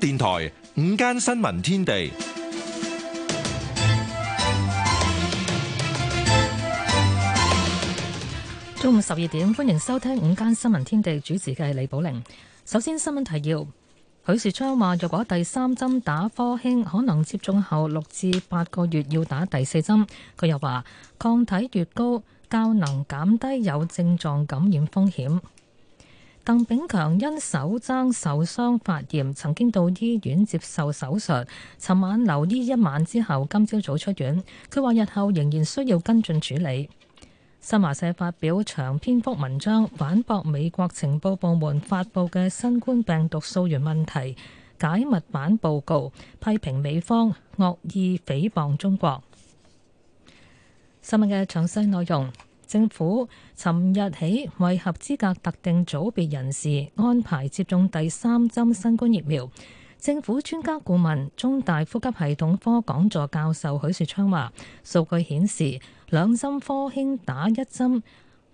電台午間新聞天地，中午十二點歡迎收聽午間新聞天地，主持嘅係李寶玲。首先新聞提要，許樹昌話：若果第三針打科興，可能接種後六至八個月要打第四針。佢又話抗體越高，較能減低有症狀感染風險。鄧炳強因手踭受傷發炎，曾經到醫院接受手術。尋晚留醫一晚之後，今朝早，早出院。佢話日後仍然需要跟進處理。新華社發表長篇幅文章反駁美國情報部門發布嘅新冠病毒溯源問題解密版報告，批評美方惡意誹謗中國。新聞嘅詳細內容。政府尋日起為合資格特定組別人士安排接種第三針新冠疫苗。政府專家顧問、中大呼吸系統科講座教授許樹昌話，數據顯示兩針科興打一針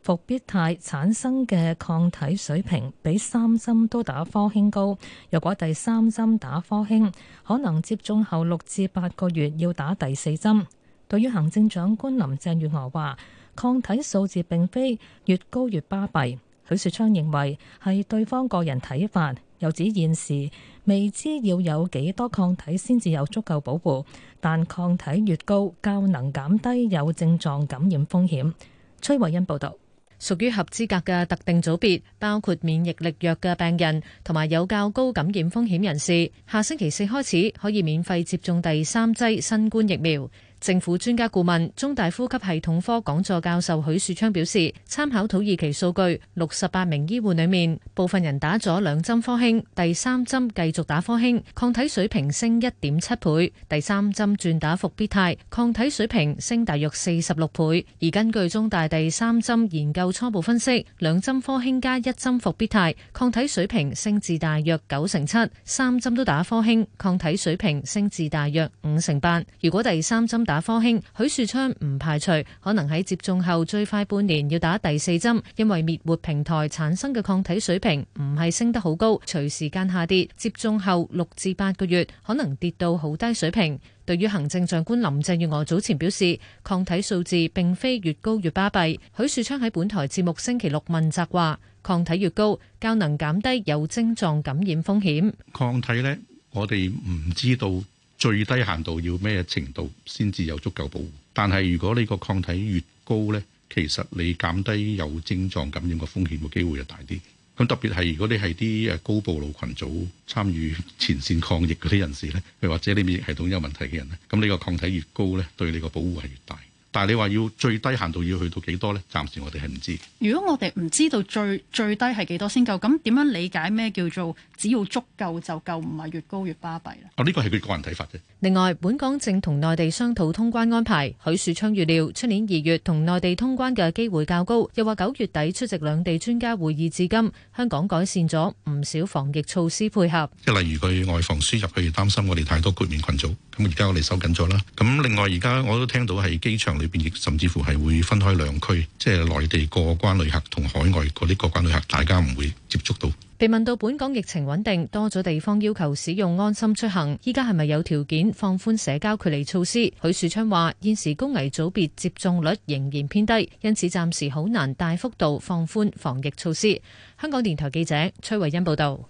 復必泰產生嘅抗體水平比三針都打科興高。若果第三針打科興，可能接種後六至八個月要打第四針。對於行政長官林鄭月娥話，抗體數字並非越高越巴閉，許雪昌認為係對方個人睇法，又指現時未知要有幾多抗體先至有足夠保護，但抗體越高，較能減低有症狀感染風險。崔維恩報道，屬於合資格嘅特定組別，包括免疫力弱嘅病人同埋有較高感染風險人士，下星期四開始可以免費接種第三劑新冠疫苗。政府專家顧問、中大呼吸系統科講座教授許樹昌表示，參考土耳其數據，六十八名醫護裡面，部分人打咗兩針科興，第三針繼續打科興，抗體水平升一點七倍；第三針轉打復必泰，抗體水平升大約四十六倍。而根據中大第三針研究初步分析，兩針科興加一針復必泰，抗體水平升至大約九成七；三針都打科興，抗體水平升至大約五成八。如果第三針，打科興，許樹昌唔排除可能喺接種後最快半年要打第四針，因為滅活平台產生嘅抗體水平唔係升得好高，隨時間下跌。接種後六至八個月可能跌到好低水平。對於行政長官林鄭月娥早前表示，抗體數字並非越高越巴閉，許樹昌喺本台節目星期六問責話：抗體越高，較能減低有症狀感染風險。抗體呢，我哋唔知道。最低限度要咩程度先至有足夠保護，但係如果你個抗體越高咧，其實你減低有症狀感染嘅風險嘅機會就大啲。咁特別係如果你係啲誒高暴露群組參與前線抗疫嗰啲人士咧，又或者你免疫系統有問題嘅人咧，咁呢個抗體越高咧，對你個保護係越大。但係你話要最低限度要去到幾多呢？暫時我哋係唔知。如果我哋唔知道最最低係幾多先夠，咁點樣理解咩叫做只要足夠就夠？唔係越高越巴閉啦。哦，呢個係佢個人睇法啫。另外，本港正同內地商討通關安排。許樹昌預料，出年二月同內地通關嘅機會較高。又話九月底出席兩地專家會議至今，香港改善咗唔少防疫措施配合。即例如佢外防輸入，譬如擔心我哋太多豁免群組，咁而家我哋收緊咗啦。咁另外而家我都聽到係機場。甚至乎係會分開兩區，即係內地過關旅客同海外嗰啲過關旅客，大家唔會接觸到。被問到本港疫情穩定，多咗地方要求使用安心出行，依家係咪有條件放寬社交距離措施？許樹昌話：現時高危組別接種率仍然偏低，因此暫時好難大幅度放寬防疫措施。香港電台記者崔慧欣報道。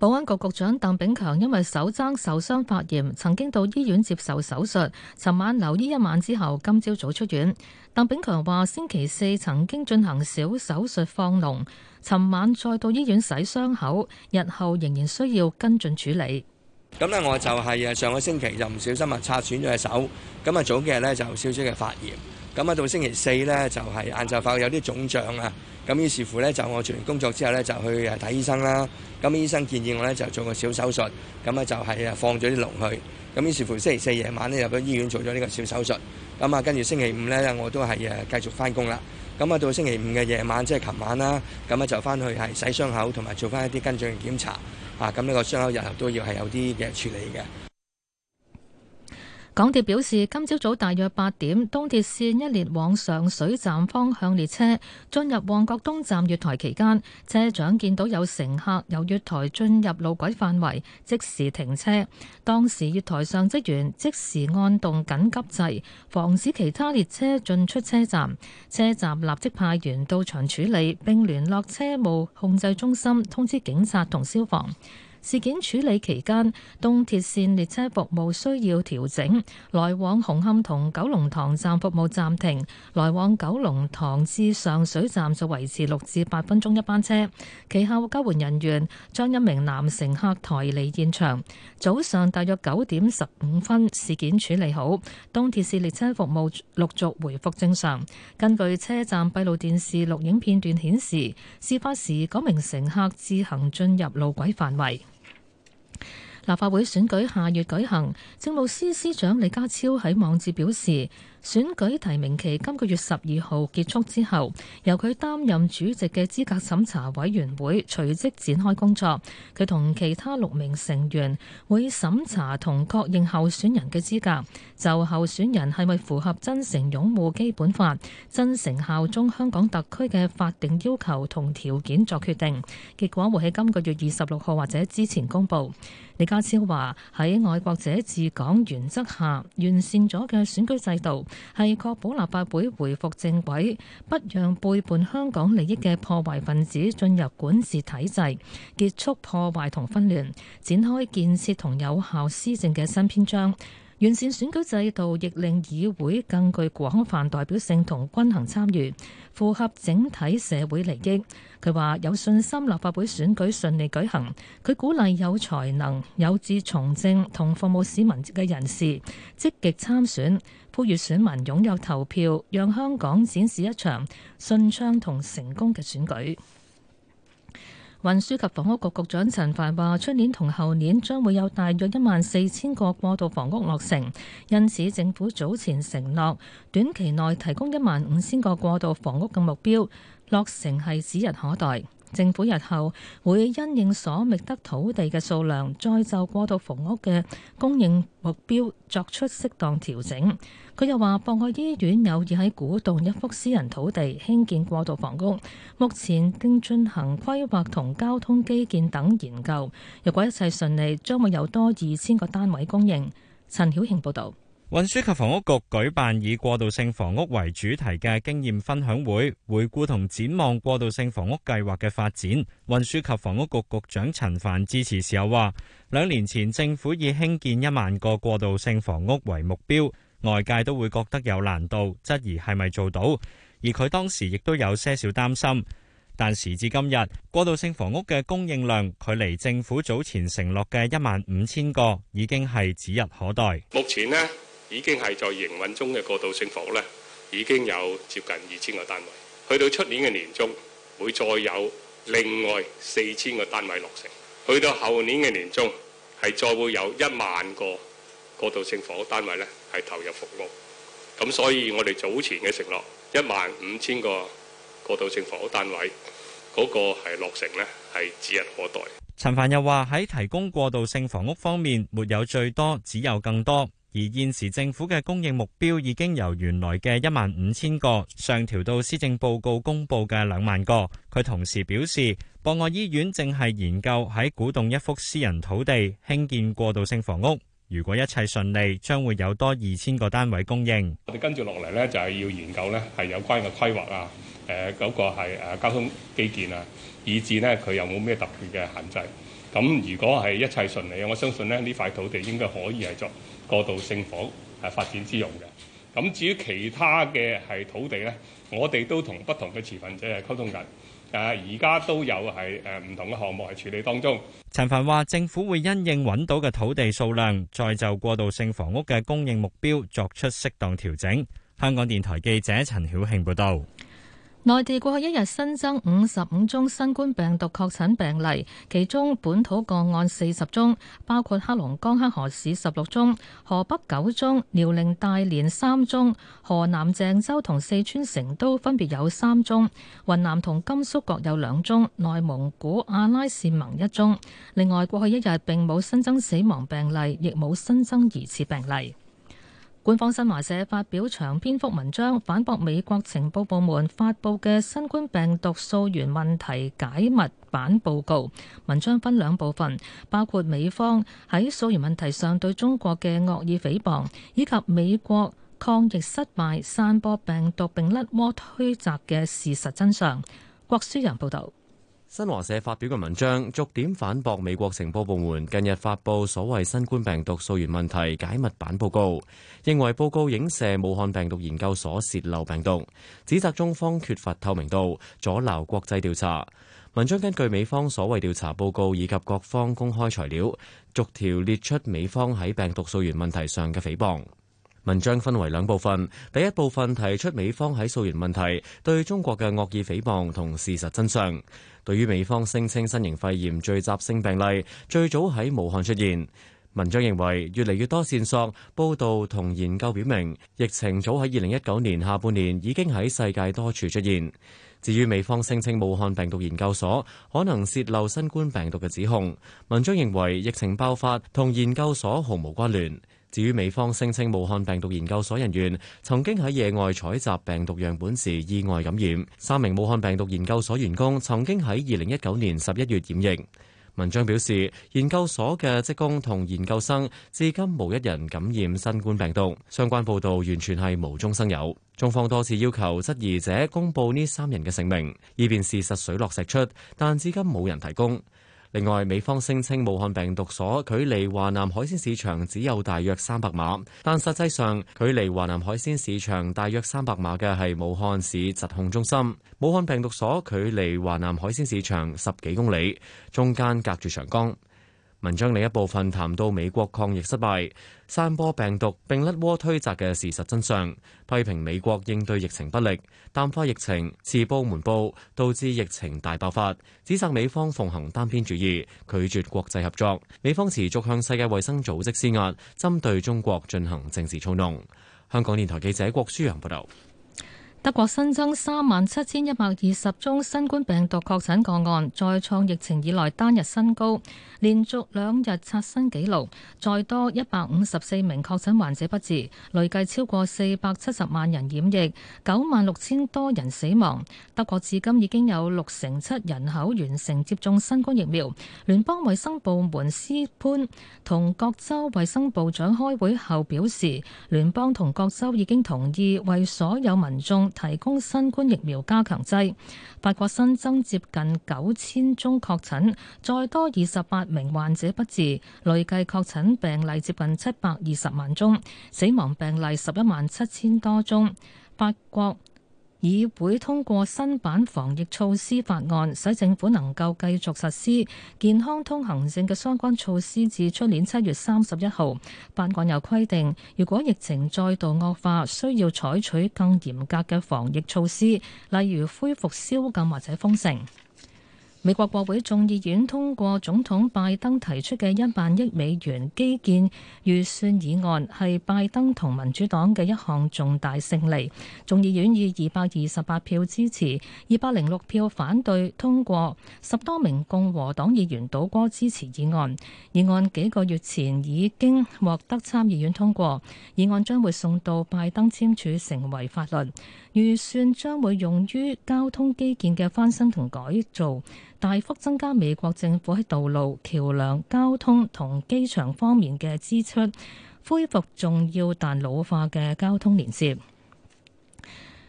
保安局局長鄧炳強因為手踭受傷發炎，曾經到醫院接受手術。尋晚留醫一晚之後，今朝早出院。鄧炳強話：星期四曾經進行小手術放膿，尋晚再到醫院洗傷口，日後仍然需要跟進處理。咁咧，我就係誒上個星期就唔小心啊擦損咗隻手，咁啊早幾日咧就有少少嘅發炎。咁啊到星期四咧就係晏晝發有啲腫脹啊，咁於是乎咧就我做完工作之後咧就去誒睇醫生啦。咁醫生建議我咧就做個小手術，咁啊就係誒放咗啲龍去。咁於是乎星期四夜晚咧入咗醫院做咗呢個小手術。咁啊跟住星期五咧我都係誒繼續翻工啦。咁啊到星期五嘅夜晚即係琴晚啦，咁啊就翻去係洗傷口同埋做翻一啲跟進嘅檢查。啊咁呢個傷口日後都要係有啲嘅處理嘅。港鐵表示，今朝早早大約八點，東鐵線一列往上水站方向列車進入旺角東站月台期間，車長見到有乘客由月台進入路軌範圍，即時停車。當時月台上職員即時按動緊急掣，防止其他列車進出車站。車站立即派員到場處理，並聯絡車務控制中心通知警察同消防。事件處理期間，東鐵線列車服務需要調整，來往紅磡同九龍塘站服務暫停，來往九龍塘至上水站就維持六至八分鐘一班車。其後救援人員將一名男乘客抬離現場。早上大約九點十五分，事件處理好，東鐵線列車服務陸續回復正常。根據車站閉路電視錄影片段顯示，事發時嗰名乘客自行進入路軌範圍。立法會選舉下月舉行，政務司司長李家超喺網誌表示，選舉提名期今個月十二號結束之後，由佢擔任主席嘅資格審查委員會隨即展開工作。佢同其他六名成員會審查同確認候選人嘅資格，就候選人係咪符合真誠擁護基本法、真誠效忠香港特區嘅法定要求同條件作決定。結果會喺今個月二十六號或者之前公佈。李家超話喺愛國者治港原則下完善咗嘅選舉制度，係確保立法會回復正軌，不讓背叛香港利益嘅破壞分子進入管治體制，結束破壞同紛亂，展開建設同有效施政嘅新篇章。完善選舉制度，亦令議會更具廣泛代表性同均衡參與，符合整體社會利益。佢話有信心立法會選舉順利舉行。佢鼓勵有才能、有志從政同服務市民嘅人士積極參選。呼籲選民踴躍投票，讓香港展示一場順暢同成功嘅選舉。運輸及房屋局局長陳帆話，出年同後年將會有大約一萬四千個過渡房屋落成，因此政府早前承諾短期內提供一萬五千個過渡房屋嘅目標，落成係指日可待。政府日後會因應所覓得土地嘅數量，再就過渡房屋嘅供應目標作出適當調整。佢又話博愛醫院有意喺古洞一幅私人土地興建過渡房屋，目前正進行規劃同交通基建等研究。若果一切順利，將會有多二千個單位供應。陳曉慶報道。運輸及房屋局舉辦以過渡性房屋為主題嘅經驗分享會，回顧同展望過渡性房屋計劃嘅發展。運輸及房屋局局長陳帆致辭時又話，兩年前政府以興建一萬個過渡性房屋為目標，外界都會覺得有難度，質疑係咪做到。而佢當時亦都有些少擔心，但時至今日，過渡性房屋嘅供應量，距離政府早前承諾嘅一萬五千個已經係指日可待。目前呢？已經係在營運中嘅過渡性房屋咧，已經有接近二千個單位。去到出年嘅年中，會再有另外四千個單位落成。去到後年嘅年中，係再會有一萬個過渡性房屋單位咧，係投入服務。咁所以，我哋早前嘅承諾一萬五千個過渡性房屋單位嗰個係落成咧，係指日可待。陳帆又話：喺提供過渡性房屋方面，沒有最多，只有更多。而現時政府嘅供應目標已經由原來嘅一萬五千個上調到施政報告公布嘅兩萬個。佢同時表示，博愛醫院正係研究喺古洞一幅私人土地興建過渡性房屋。如果一切順利，將會有多二千個單位供應。我哋跟住落嚟咧，就係要研究咧係有關嘅規劃啊，誒、那、嗰個係交通基建啊，以至呢佢有冇咩特別嘅限制。咁如果係一切順利，我相信咧呢塊土地應該可以係作。過渡性房係發展之用嘅。咁至於其他嘅係土地呢，我哋都同不同嘅持份者係溝通緊，啊而家都有係誒唔同嘅項目係處理當中。陳帆話：政府會因應揾到嘅土地數量，再就過渡性房屋嘅供應目標作出適當調整。香港電台記者陳曉慶報導。內地過去一日新增五十五宗新冠病毒確診病例，其中本土個案四十宗，包括黑龍江黑河市十六宗、河北九宗、遼寧大連三宗、河南鄭州同四川成都分別有三宗，雲南同甘肅各有兩宗，內蒙古阿拉善盟一宗。另外，過去一日並冇新增死亡病例，亦冇新增疑似病例。官方新華社發表長篇幅文章反駁美國情報部門發布嘅新冠病毒溯源問題解密版報告。文章分兩部分，包括美方喺溯源問題上對中國嘅惡意誹謗，以及美國抗疫失敗散播病毒並甩鍋推責嘅事實真相。郭書人報道。新華社發表嘅文章，逐點反駁美國情報部門近日發布所謂新冠病毒溯源問題解密版報告，認為報告影射武漢病毒研究所洩漏病毒，指責中方缺乏透明度，阻撓國際調查。文章根據美方所謂調查報告，以及各方公開材料，逐條列出美方喺病毒溯源問題上嘅誹謗。文章分為兩部分。第一部分提出美方喺溯源問題對中國嘅惡意誹謗同事實真相。對於美方聲稱新型肺炎聚集性病例最早喺武漢出現，文章認為越嚟越多線索報導同研究表明，疫情早喺二零一九年下半年已經喺世界多處出現。至於美方聲稱武漢病毒研究所可能洩漏新冠病毒嘅指控，文章認為疫情爆發同研究所毫無關聯。至於美方聲稱武漢病毒研究所人員曾經喺野外採集病毒樣本時意外感染，三名武漢病毒研究所員工曾經喺二零一九年十一月染疫。文章表示，研究所嘅職工同研究生至今無一人感染新冠病毒，相關報道完全係無中生有。中方多次要求質疑者公布呢三人嘅姓名，以便事實水落石出，但至今冇人提供。另外，美方聲稱武漢病毒所距離華南海鮮市場只有大約三百碼，但實際上距離華南海鮮市場大約三百碼嘅係武漢市疾控中心。武漢病毒所距離華南海鮮市場十幾公里，中間隔住長江。文章另一部分談到美國抗疫失敗，散播病毒並甩鍋推責嘅事實真相，批評美國應對疫情不力、淡化疫情、遲報瞞報，導致疫情大爆發，指責美方奉行單邊主義，拒絕國際合作，美方持續向世界衛生組織施壓，針對中國進行政治操弄。香港電台記者郭舒陽報道。德國新增三萬七千一百二十宗新冠病毒確診個案，再創疫情以來單日新高，連續兩日刷新紀錄。再多一百五十四名確診患者不治，累計超過四百七十萬人染疫，九萬六千多人死亡。德國至今已經有六成七人口完成接種新冠疫苗。聯邦衛生部門施潘同各州衛生部長開會後表示，聯邦同各州已經同意為所有民眾。提供新冠疫苗加強劑。法國新增接近九千宗確診，再多二十八名患者不治，累計確診病例接近七百二十萬宗，死亡病例十一萬七千多宗。法國議會通過新版防疫措施法案，使政府能夠繼續實施健康通行證嘅相關措施至出年七月三十一號。法案又規定，如果疫情再度惡化，需要採取更嚴格嘅防疫措施，例如恢復宵禁或者封城。美國國會眾議院通過總統拜登提出嘅一萬億美元基建預算議案，係拜登同民主黨嘅一項重大勝利。眾議院以二百二十八票支持，二百零六票反對通過。十多名共和黨議員倒戈支持議案。議案幾個月前已經獲得參議院通過。議案將會送到拜登簽署成為法律。預算將會用於交通基建嘅翻新同改造，大幅增加美國政府喺道路、橋梁、交通同機場方面嘅支出，恢復重要但老化嘅交通連接。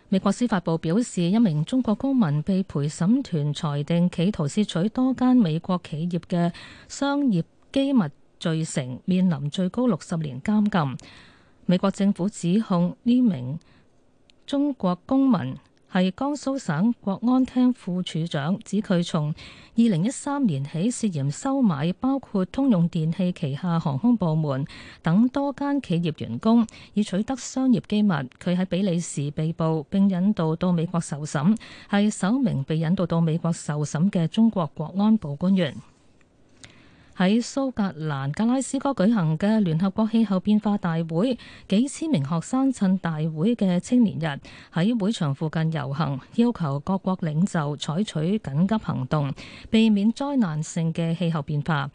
美國司法部表示，一名中國公民被陪審團裁定企圖竊取多間美國企業嘅商業機密罪成，面臨最高六十年監禁。美國政府指控呢名。中國公民係江蘇省國安廳副處長，指佢從二零一三年起涉嫌收買包括通用電器旗下航空部門等多間企業員工，以取得商業機密。佢喺比利時被捕，並引渡到美國受審，係首名被引渡到美國受審嘅中國國安部官員。喺蘇格蘭格拉斯哥舉行嘅聯合國氣候變化大會，幾千名學生趁大會嘅青年日喺會場附近遊行，要求各國領袖採取緊急行動，避免災難性嘅氣候變化。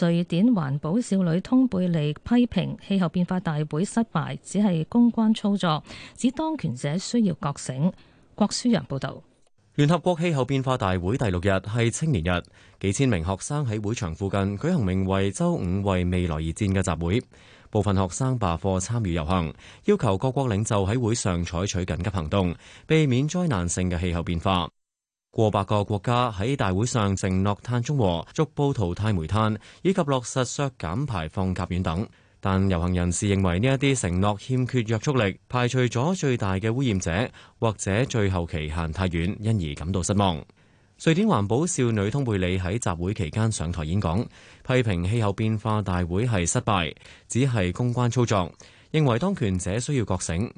瑞典環保少女通貝利批評氣候變化大會失敗，只係公關操作，指當權者需要覺醒。郭書陽報道。聯合國氣候變化大會第六日係青年日，幾千名學生喺會場附近舉行名為「週五為未來而戰」嘅集會，部分學生罷課參與遊行，要求各國領袖喺會上採取緊急行動，避免災難性嘅氣候變化。過百個國家喺大會上承諾碳中和、逐步淘汰煤炭以及落實削減排放甲烷等。但遊行人士認為呢一啲承諾欠缺約束力，排除咗最大嘅污染者，或者最後期限太遠，因而感到失望。瑞典環保少女通貝里喺集會期間上台演講，批評氣候變化大會係失敗，只係公關操作，認為當權者需要覺醒。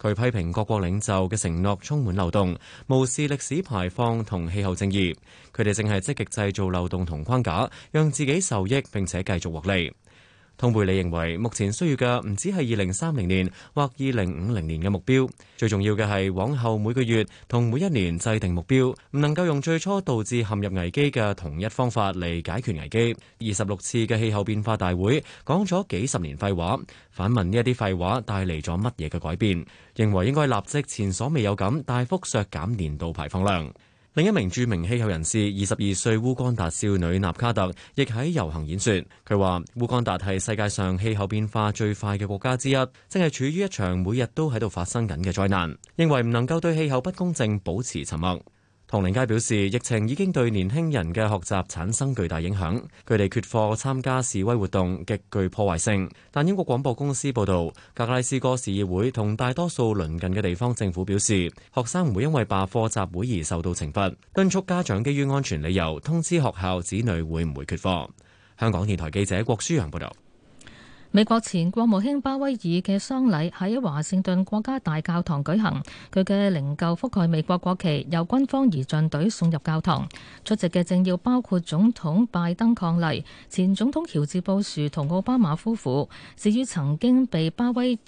佢批評各國領袖嘅承諾充滿漏洞，無視歷史排放同氣候正義。佢哋正係積極製造漏洞同框架，讓自己受益並且繼續獲利。通貝里認為，目前需要嘅唔止係二零三零年或二零五零年嘅目標，最重要嘅係往後每個月同每一年制定目標，唔能夠用最初導致陷入危機嘅同一方法嚟解決危機。二十六次嘅氣候變化大會講咗幾十年廢話，反問呢一啲廢話帶嚟咗乜嘢嘅改變？認為應該立即前所未有咁大幅削減年度排放量。另一名著名氣候人士，二十二歲烏干達少女納卡特，亦喺遊行演說。佢話：烏干達係世界上氣候變化最快嘅國家之一，正係處於一場每日都喺度發生緊嘅災難，認為唔能夠對氣候不公正，保持沉默。唐寧街表示，疫情已經對年輕人嘅學習產生巨大影響，佢哋缺課參加示威活動極具破壞性。但英國廣播公司報道，格拉斯哥市議會同大多數鄰近嘅地方政府表示，學生唔會因為罷課集會而受到懲罰，敦促家長基於安全理由通知學校子女會唔會缺課，香港電台記者郭舒陽報道。美國前國務卿鮑威爾嘅喪禮喺華盛頓國家大教堂舉行，佢嘅靈柩覆蓋美國國旗，由軍方儀仗隊送入教堂。出席嘅政要包括總統拜登伉儷，前總統喬治布殊同奧巴馬夫婦。至於曾經被鮑威爾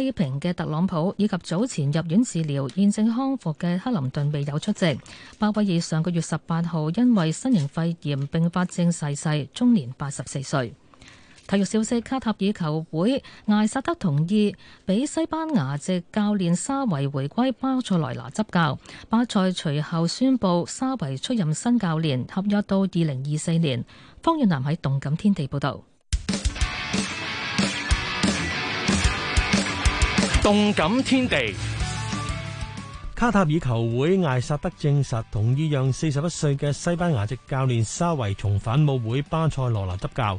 批評嘅特朗普，以及早前入院治療現正康復嘅克林頓，未有出席。鮑威爾上個月十八號因為新型肺炎併發症逝世，終年八十四歲。體育消息：卡塔爾球會艾薩德同意俾西班牙籍教練沙維回歸巴塞羅拿執教。巴塞隨後宣佈沙維出任新教練，合約到二零二四年。方遠南喺動感天地報道。動感天地，報動感天地卡塔爾球會艾薩德證實同意讓四十一歲嘅西班牙籍教練沙維重返母會巴塞羅那執教。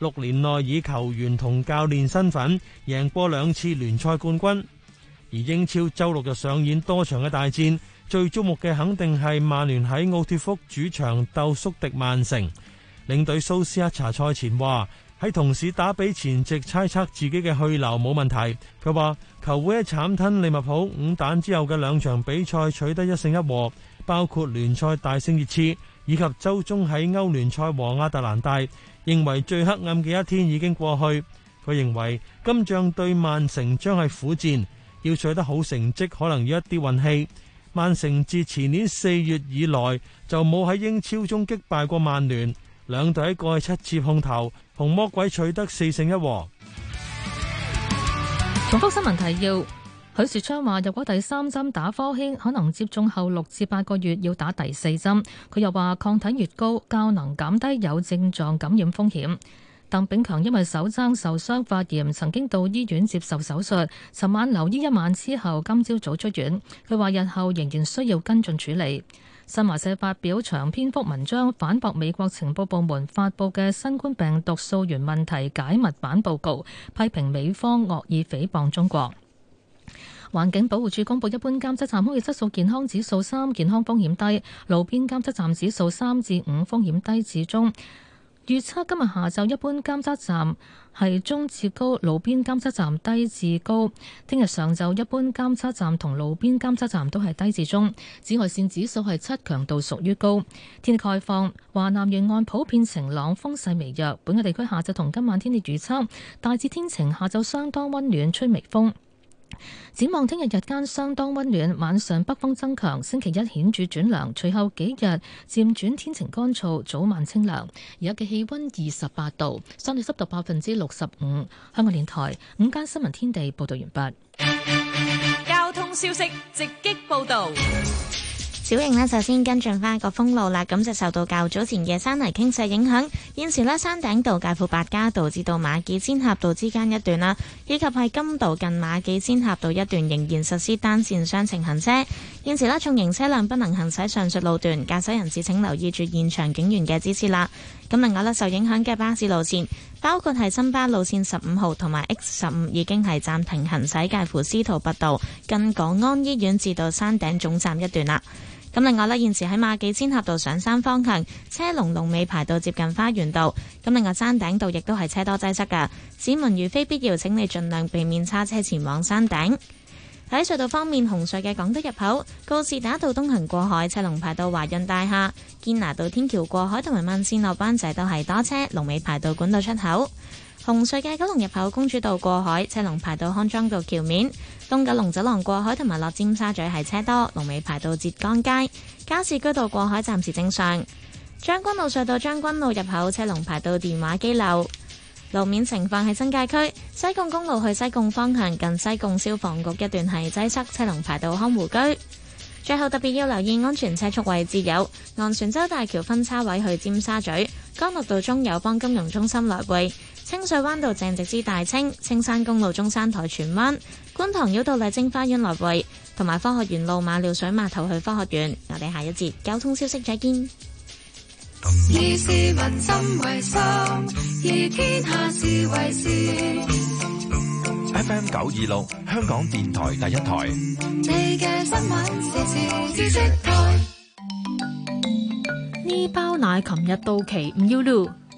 六年內以球員同教練身份贏過兩次聯賽冠軍，而英超周六就上演多場嘅大戰，最矚目嘅肯定係曼聯喺奧脫福主場鬥宿敵曼城。領隊蘇斯克查賽前話：喺同市打比前夕，猜測自己嘅去留冇問題。佢話：球會喺慘吞利物浦五蛋之後嘅兩場比賽取得一勝一和，包括聯賽大勝熱刺。以及周中喺歐聯賽和亞特蘭大，認為最黑暗嘅一天已經過去。佢認為今仗對曼城將係苦戰，要取得好成績可能要一啲運氣。曼城自前年四月以來就冇喺英超中擊敗過曼聯，兩隊過去七次碰頭，同魔鬼取得四勝一和。重複新聞提要。許樹昌話，如果第三針打科興，可能接種後六至八個月要打第四針。佢又話，抗體越高，較能減低有症狀感染風險。鄧炳強因為手踭受傷發炎，曾經到醫院接受手術。尋晚留醫一晚之後，今朝早出院。佢話日後仍然需要跟進處理。新華社發表長篇幅文章反駁美國情報部門發布嘅新冠病毒溯源問題解密版報告，批評美方惡意誹謗中國。環境保護署公布一般監測站空氣質素健康指數三，健康風險低；路邊監測站指數三至五，風險低至中。預測今日下晝一般監測站係中至高，路邊監測站低至高。聽日上晝一般監測站同路邊監測站都係低至中。紫外線指數係七，強度屬於高。天氣概況：華南沿岸普遍晴朗，風勢微弱。本港地區下晝同今晚天氣預測大致天晴，下晝相當溫暖，吹微風。展望聽日日間相當溫暖，晚上北風增強，星期一顯著轉涼，隨後幾日漸轉天晴乾燥，早晚清涼。而家嘅氣溫二十八度，相對濕度百分之六十五。香港電台午間新聞天地報道完畢。交通消息直擊報道。小瑩呢，首先跟進翻個封路啦。咁就受到較早前嘅山泥傾瀉影響，現時呢，山頂道介乎白加道至到馬己仙峽道之間一段啦，以及係金道近馬己仙峽道一段仍然實施單線雙程行車。現時呢，重型車輛不能行駛上述路段，駕駛人士請留意住現場警員嘅指示啦。咁另外呢，受影響嘅巴士路線包括係新巴路線十五號同埋 X 十五，已經係暫停行駛介乎司徒拔道近港安醫院至到山頂總站一段啦。咁另外呢，現時喺馬己仙峽道上山方向，車龍龍尾排到接近花園道；咁另外山頂度亦都係車多擠塞嘅。市民如非必要，請你盡量避免揸車前往山頂。喺隧道方面，紅隧嘅港島入口、告士打道東行過海、車龍排到華潤大廈、堅拿道天橋過海同埋慢線落班仔都係多車，龍尾排到管道出口。紅隧嘅九龍入口，公主道過海，車龍排到康莊道橋面，東九龍走廊過海同埋落尖沙咀係車多，龍尾排到浙江街。加士居道過海暫時正常。將軍澳隧道將軍澳入口，車龍排到電話機樓，路面情況喺新界區西貢公路去西貢方向近西貢消防局一段係擠塞，車龍排到康湖居。最後特別要留意安全車速位置有：昂船洲大橋分叉位去尖沙咀、干諾道中友邦金融中心來位、清水灣道鄭植之大清、青山公路中山台荃灣、觀塘繞道麗晶花園來位，同埋科學園路馬料水碼頭去科學園。我哋下一節交通消息再見。FM 九二六，26，香港電台第一台。呢 包奶琴日到期，唔要嚕。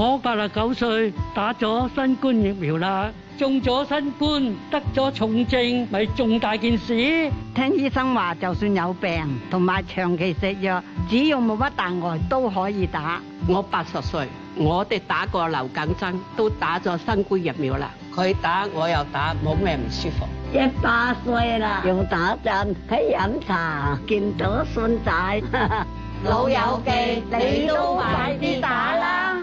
我八十九歲，打咗新冠疫苗啦，中咗新冠，得咗重症，咪重大件事。聽醫生話，就算有病同埋長期食藥，只要冇乜大礙都可以打。我八十歲，我哋打過流感針，都打咗新冠疫苗啦。佢打，我又打，冇咩唔舒服。一百歲啦，要打針，喺飲茶，見到信仔，老友記，你都快啲打啦！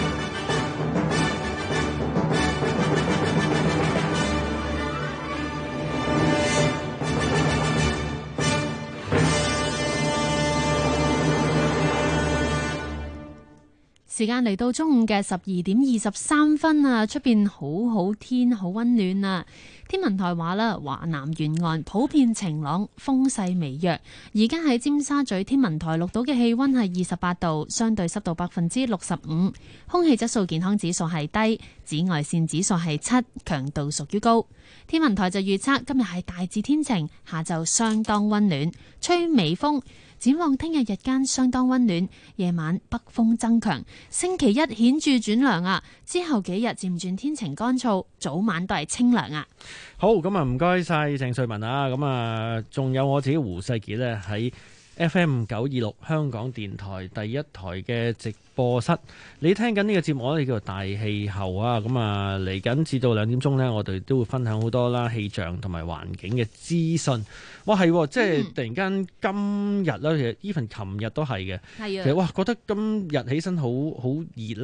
時間嚟到中午嘅十二點二十三分啊，出邊好好天，好溫暖啊！天文台話啦，華南沿岸普遍晴朗，風勢微弱。而家喺尖沙咀天文台錄到嘅氣溫係二十八度，相對濕度百分之六十五，空氣質素健康指數係低，紫外線指數係七，強度屬於高。天文台就預測今日係大致天晴，下晝相當溫暖，吹微風。展望聽日日間相當溫暖，夜晚北風增強，星期一顯著轉涼啊！之後幾日漸轉天晴乾燥，早晚都係清涼啊！好，咁啊唔該晒鄭瑞文啊，咁啊仲有我自己胡世傑咧喺。F.M. 九二六香港電台第一台嘅直播室，你聽緊呢個節目咧，叫做大氣候啊！咁啊，嚟緊至到兩點鐘咧，我哋都會分享好多啦氣象同埋環境嘅資訊，哇，係，即係突然間今日咧，其實 even 琴日都係嘅。係啊，其實哇，覺得今日起身好好熱。